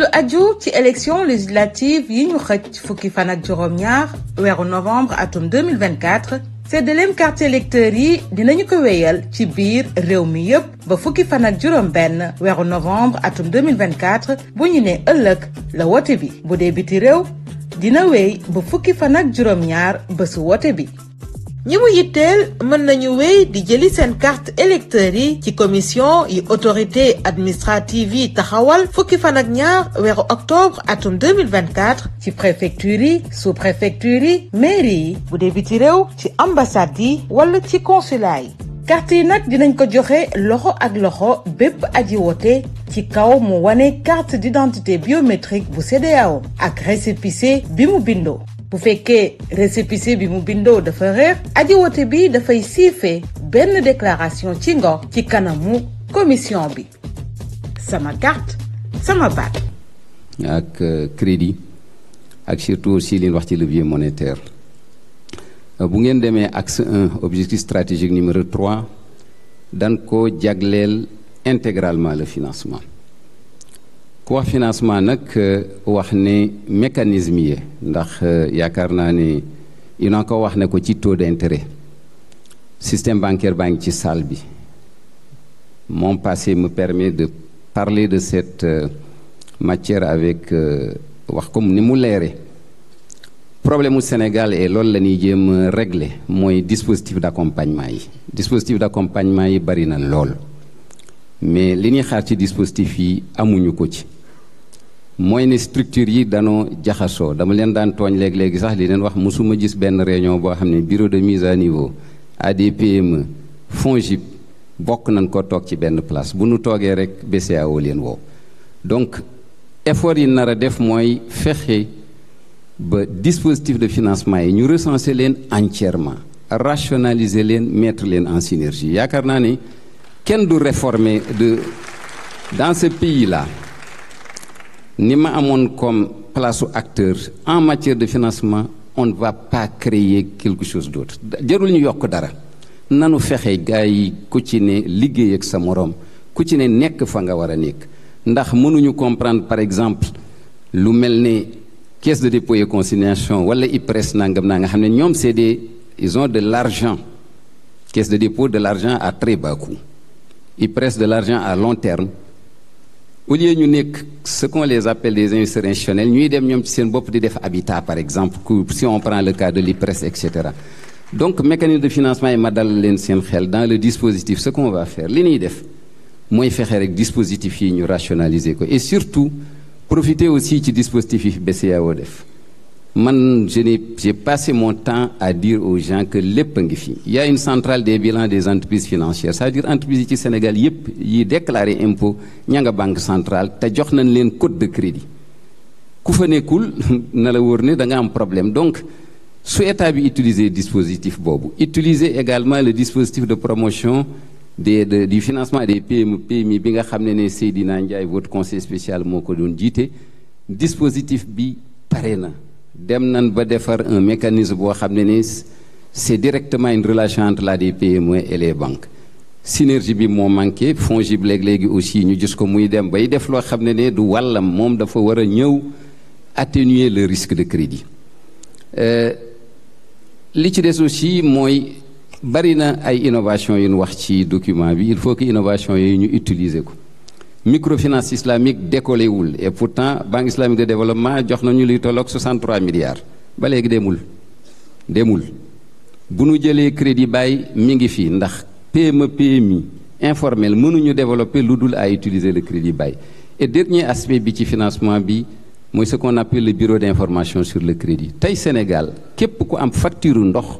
lu aju ci élection législative yi ñu xëcc fukki fan ak juróom-ñaar weeru novembre atum 2024 séddaleem carte électeur yi dinañu ko weyal ci biir réew mi yépp ba fukki fan ak juróom-benn weeru novembre atum 2024 bu ñu nee ëllëg la wote bi bu dee biti réew dina wéy ba fukki fan ak juróom-ñaar bésu wote bi. ñi mu yitteel mën nañu wéy di jëli seen carte électeur yi ci commission yi autorité administrative yi taxawal fukki fan ak ñaar weeru octobre atum 2024 ci préfecture yi sous préfecture yi mairie yi bu dee biti ci ambassade yi wala ci consulat yi carte yi nag dinañ ko joxe loxo ak loxo bépp aji woote ci kaw mu wane carte d'identité biométrique bu CDAO ak récépissé bi mu bindoo bu fekkee récépissé bi mu bindoo dafa réer aji wote bi dafay siifee benn déclaration ci ngo ci kanamu commission bi sama carte sama Avec ak euh, crédit ak surtout aussi li wax ci levier monétaire euh, bu ngeen demee axe 1 objectif stratégique numéro 3 dan ko jagleel intégralement le financement pour financement nak euh, wax ne mécanisme yi ndax euh, yaakaar naa ne ina ko wax ko ci taux d'intérêt système bancaire baa ci salle mon passé me permet de parler de cette euh, matière avec wax comme ni mu léré problème au Sénégal et lol la je jéem régler moy dispositif d'accompagnement yi dispositif d'accompagnement yi bari na mais li ñuy xaar ci dispositif yi amuñu ko ci mooy ne structure yi dano jaxasoo dama leen daan tooñ léegi-léegi sax li leen wax mosuma gis benn réunion boo xam ne bureau de mise à niveau fond FONGIP bokk nañ ko toog ci benn place bu nu toogee rek BCEAO leen woo donc effort yi nar a def mooy fexe ba dispositif de financement yi ñu recenser leen entièrement rationaliser leen mettre leen en synergie yaakaar naa ne kenn du réformer de dans ce pays là ni ma amone comme place acteur en matière de financement on ne va pas créer quelque chose d'autre jarul ñu yok dara nanu fexé gaay ku ci né liggéey ak sa morom ku ci né nek fa nga wara nek ndax mënuñu comprendre par exemple lu mel caisse de dépôt et consignation wala IPRES nangam naa nga xamné ñom c'est des ils ont de l'argent caisse de dépôt de l'argent à très bas coût IPRES de l'argent à long terme au lieu de ce qu'on les appelle des investisseurs institutionnels ñuy dem des ci habitat par exemple si on prend le cas de l'IPRES etc. Donc, le mécanisme de financement est dans le dispositif ce qu'on va faire l'INIDEF, moins faire des faire dispositif yi rationaliser et surtout profiter aussi du dispositif BCAODEF. Man, j'ai passé mon temps à dire aux gens que les il y a une centrale des bilans des entreprises financières, c'est-à-dire entreprises du Sénégal, a déclaré impôt, il y a une banque centrale, tu as une code de crédit. Quand tu cool, un problème. Donc, si utiliser le dispositif Bobo, utiliser également le dispositif de promotion du financement des PME, PMI, bi nga xamné votre conseil spécial moko dispositif bi paréna dem nañ ba defar un mécanisme de xamné c'est directement une relation entre la DPM et les banques synergie bi mo manqué fongible léegi aussi ñu gis ko muy dem bay def lo xamné ne du walam mom dafa war ñëw atténuer le risque de crédit euh, li ci des aussi moy bari na ay innovation yu wax ci document bi il faut que innovation yooyu ñu utiliser microfinance islamique décollé wul et pourtant banque islamique de développement jox nañu luy tolloog 63 milliards ba légui demul demul bu nu le crédit bay mi ngi fi ndax PME PMI informel mënuñu développer l'udul a à utiliser le crédit bail et dernier aspect bi ci financement bi moy ce qu'on appelle le bureau d'information sur le crédit tay Sénégal képp ku am facture ndox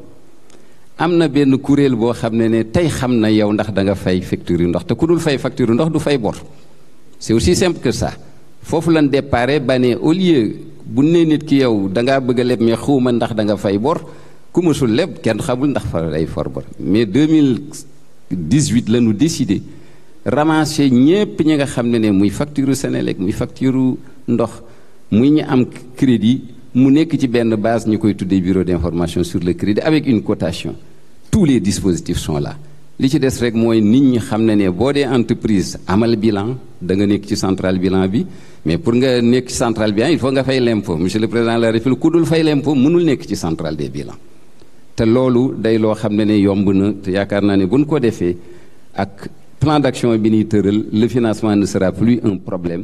am na benn kuréel boo xam ne ne tey na yow ndax da nga fay facture ndox te ku dul fay facture ndox du fay bor c'est aussi simple que ça foofu lan dépare bané au lieu bu né nit ki yow da nga bëgg a mais xuma ndax da nga fay bor ku xamul ndax fa lay for bor mais 2018 la décidé ramasser ñi nga muy facture muy facture ndox muy am crédit mu nekk ci benn base koy bureau d'information sur le crédit avec une cotation tous les dispositifs sont là li ci des rek mooy nit ñi xam ne ne boo dee entreprise amal bilan da nga nekk ci central bilan bi mais pour nga nekk ci central bilan il faut nga fay l'impôt monsieur le président de la république ku dul fay l'impôt mënul nekk ci central des bilan te loolu day loo xam ne ne yomb na te yaakaar naa ne buñ ko defee ak plan d'action bi ñuy tëral le financement ne sera plus un problème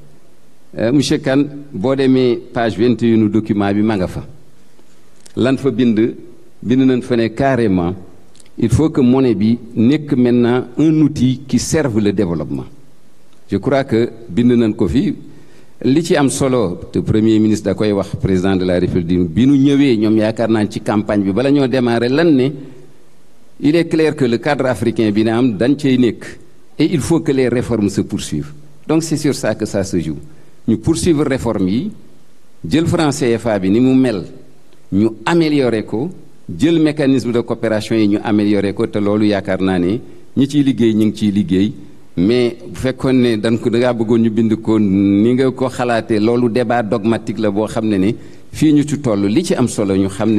Euh, monsieur Kan, vu la page 21 document bi manga fa lan fa bind bind nañ fa carrément il faut que monnaie bi que maintenant un outil qui serve le développement je crois que bind nañ ko fi li ci am solo te premier ministre da koy wax président de la république bi nu ñëwé ñom yaakar nañ ci campagne bi bala ñoo démarrer lan né il est clair que le cadre africain bi na am dañ cey nek et il faut que les réformes se poursuivent donc c'est sur ça que ça se joue ñu poursuivre réforme yi jël français CFA bi ni mu mel ñu améliorer ko jël mécanisme de coopération yi ñu améliorer ko te loolu yaakaar naa ne ñi ciy liggéey ñi ngi liggéey mais bu fekkoon ne dañ ko dangaa bëggoon ñu bind ko ni nga ko xalaatee loolu débat dogmatique la boo xam fini ne fii ñu ci toll li ci am solo ñu xam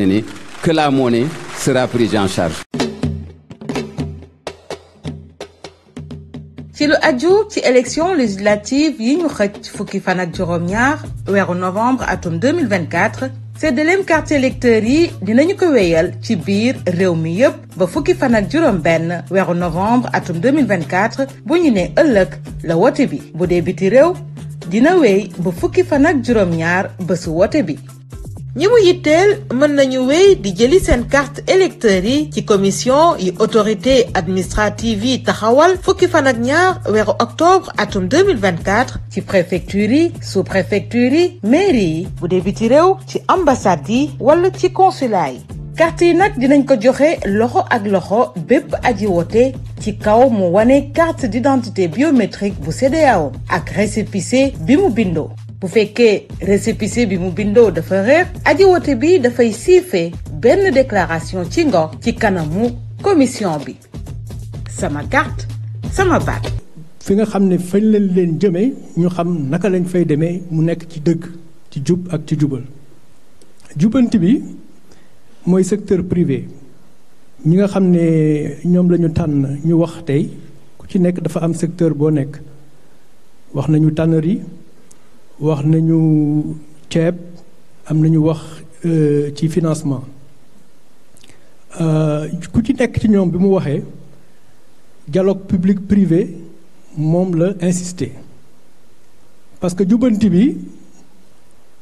que la monnaie sera prise en charge ci lu aju ci élection législative yi ñu xëcc fukki fan ak juróom-ñaar weeru novembre atum 2024 séddaleem carte électeur yi dinañu ko wéyal ci biir réew mi yépp ba fukki fan ak juróom benn weeru novembre atum 2024 bu ñu nee ëllëg la wote bi bu dee biti réew dina wey ba fukki fan ak juróom-ñaar bésu wote bi ñi mu yitteel mën nañu wéy di jëli seen carte électeur yi ci commission yi autorité administrative yi taxawal fukki fan ak ñaar weeru octobre atum 2024 ci préfecture yi sous préfecture yi mairie yi bu dee biti réew ci ambassade yi wala ci consulat yi carte yi nag dinañ ko joxe loxo ak loxo bépp aji ci kaw wane carte d'identité biométrique bu CDAO ak récépissé bi mu bindoo bu fekkee récépissé bi mu bindoo dafa réer aji wote bi dafay siife benn déclaration ci ngor ci kanamu commission bi sama carte sama baat fi nga xam ne fañ lañ leen jëmee ñu xam naka lañ fay demee mu nekk ci dëgg ci jub ak ci jubal jubanti bi mooy secteur privé ñi nga xam ne ñoom la ñu tànn ñu wax tey ku ci nekk dafa am secteur boo nekk wax nañu tànnari wax nañu ceeb am nañu wax euh, ci financement euh, ku ci nekk ci ñoom bi mu waxee dialogue public privé moom la insister parce que jubanti bi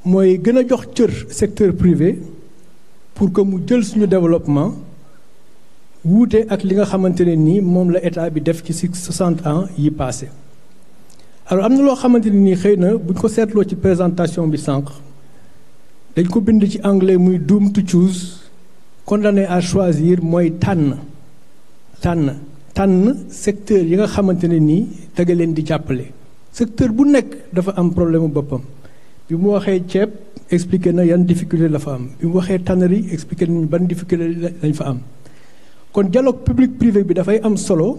mooy gën a jox cër secteur privé pour que mu jël suñu développement wuute ak li nga xamante ne nii moom la état bi def ci 60 ans yi passé alors am na loo xamante ne nii bu ko setlo ci présentation bi sank dañ ko bind ci anglais muy doom to choose condamné à choisir moy tan, tan, tan, secteur yi nga xamanteni ni nii di jàppale. secteur bu nek dafa am problème bopam bi mu waxé ceeb expliquer na yan difficulté la fa am bi mu waxé tannery expliquer nañu ban difficulté lañ fa am kon dialogue public privé bi fay am solo.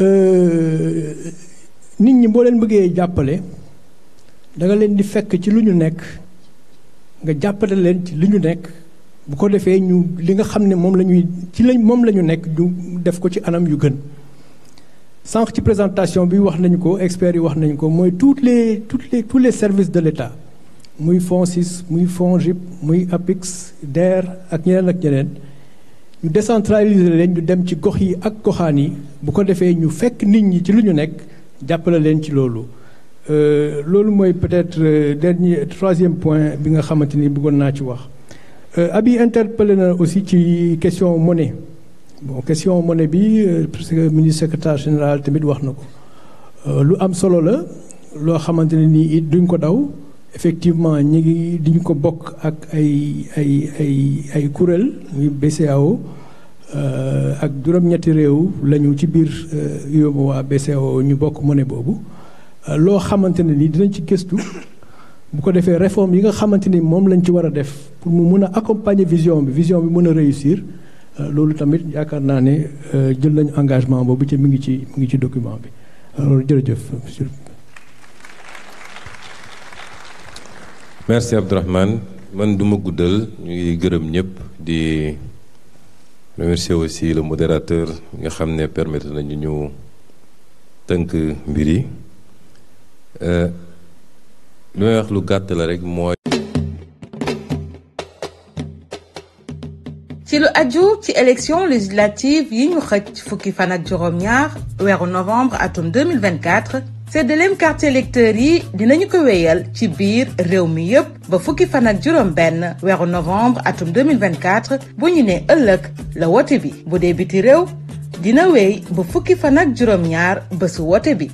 Euh, nit ñi boo leen bëggee jàppale da nga leen di fekk ci lu ñu nekk nga jàppale leen ci li ñu nekk bu ko defee ñu li nga xam ne moom la ñuy ci lañ moom la ñu nekk ñu def ko ci anam yu gën sànq ci présentation bi wax nañ ko experts yi wax nañ ko mooy toutes les toutes les tous les services de l'État muy FONSIS muy FONGIP muy APIX DER ak ñeneen ak ñeneen nous décentraliser leen ñu dem ci gox yi ak bu ko ñu fekk nit ñi ci peut-être dernier troisième point bi nga ci euh, abi interpellé aussi ci question monnaie bon question monnaie bi euh, ministre secrétaire général tamit na euh, lu am solo la effectivement ñi ngi di ko bokk ak ay ay ay ay kuréel muy BCEAO euh, ak juróom-ñetti réew lañu ci biir euh, UEMOA BCEAO ñu bokk monnaie boobu euh, loo xamante ne ni dinañ ci gëstu bu ko defee réforme yi nga xamante ni moom lañ ci war a def pour mu mën a accompagner vision bi vision bi mën a réussir loolu tamit yaakaar naa ne jël nañu engagement boobu ci mi ngi ci mi ngi ci document bi alors jërëjëf monsieur merci Abdourahmane man du ma guddal ñu gërëm ñëpp di remercier aussi le modérateur nga xam ne permettre nañu ñu tënk mbir yi euh, li may wax lu gàtt la rek mooy. ci lu aju ci élection législative yi ñu xëcc fukki fan ak juróom-ñaar weeru novembre atum 2024 séddaleem carte électeur yi dinañu ko weyal ci biir réew mi yépp ba fukki fan ak juróom benn weeru novembre atum 2024 bu ñu nee ëllëg la wote bi bu dee biti réew dina wéy ba fukki fan ak juróom ñaar bésu wote bi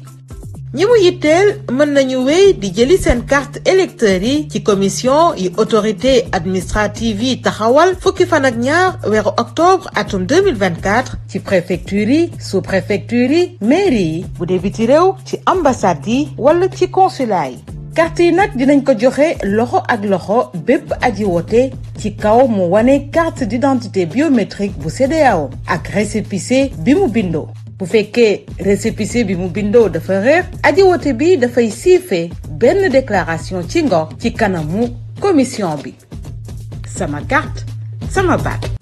ñi mu yitteel mën nañu wéy di jëli seen carte électeur yi ci commission yi autorité administrative yi taxawal fukki fan ak ñaar weeru octobre atum 2024 ci préfecture yi sous préfecture yi mairie yi bu dee réew ci ambassade yi wala ci consulat yi carte yi nag dinañ ko joxe loxo ak loxo bépp aji ci kaw mu wane carte d'identité biométrique bu CDAO ak récépissé bi mu bindoo bu fekkee récépissé bi mu bindoo dafa réer aji wote bi dafay siife benn déclaration ci ngor ci kanamu commission bi sama carte sama baat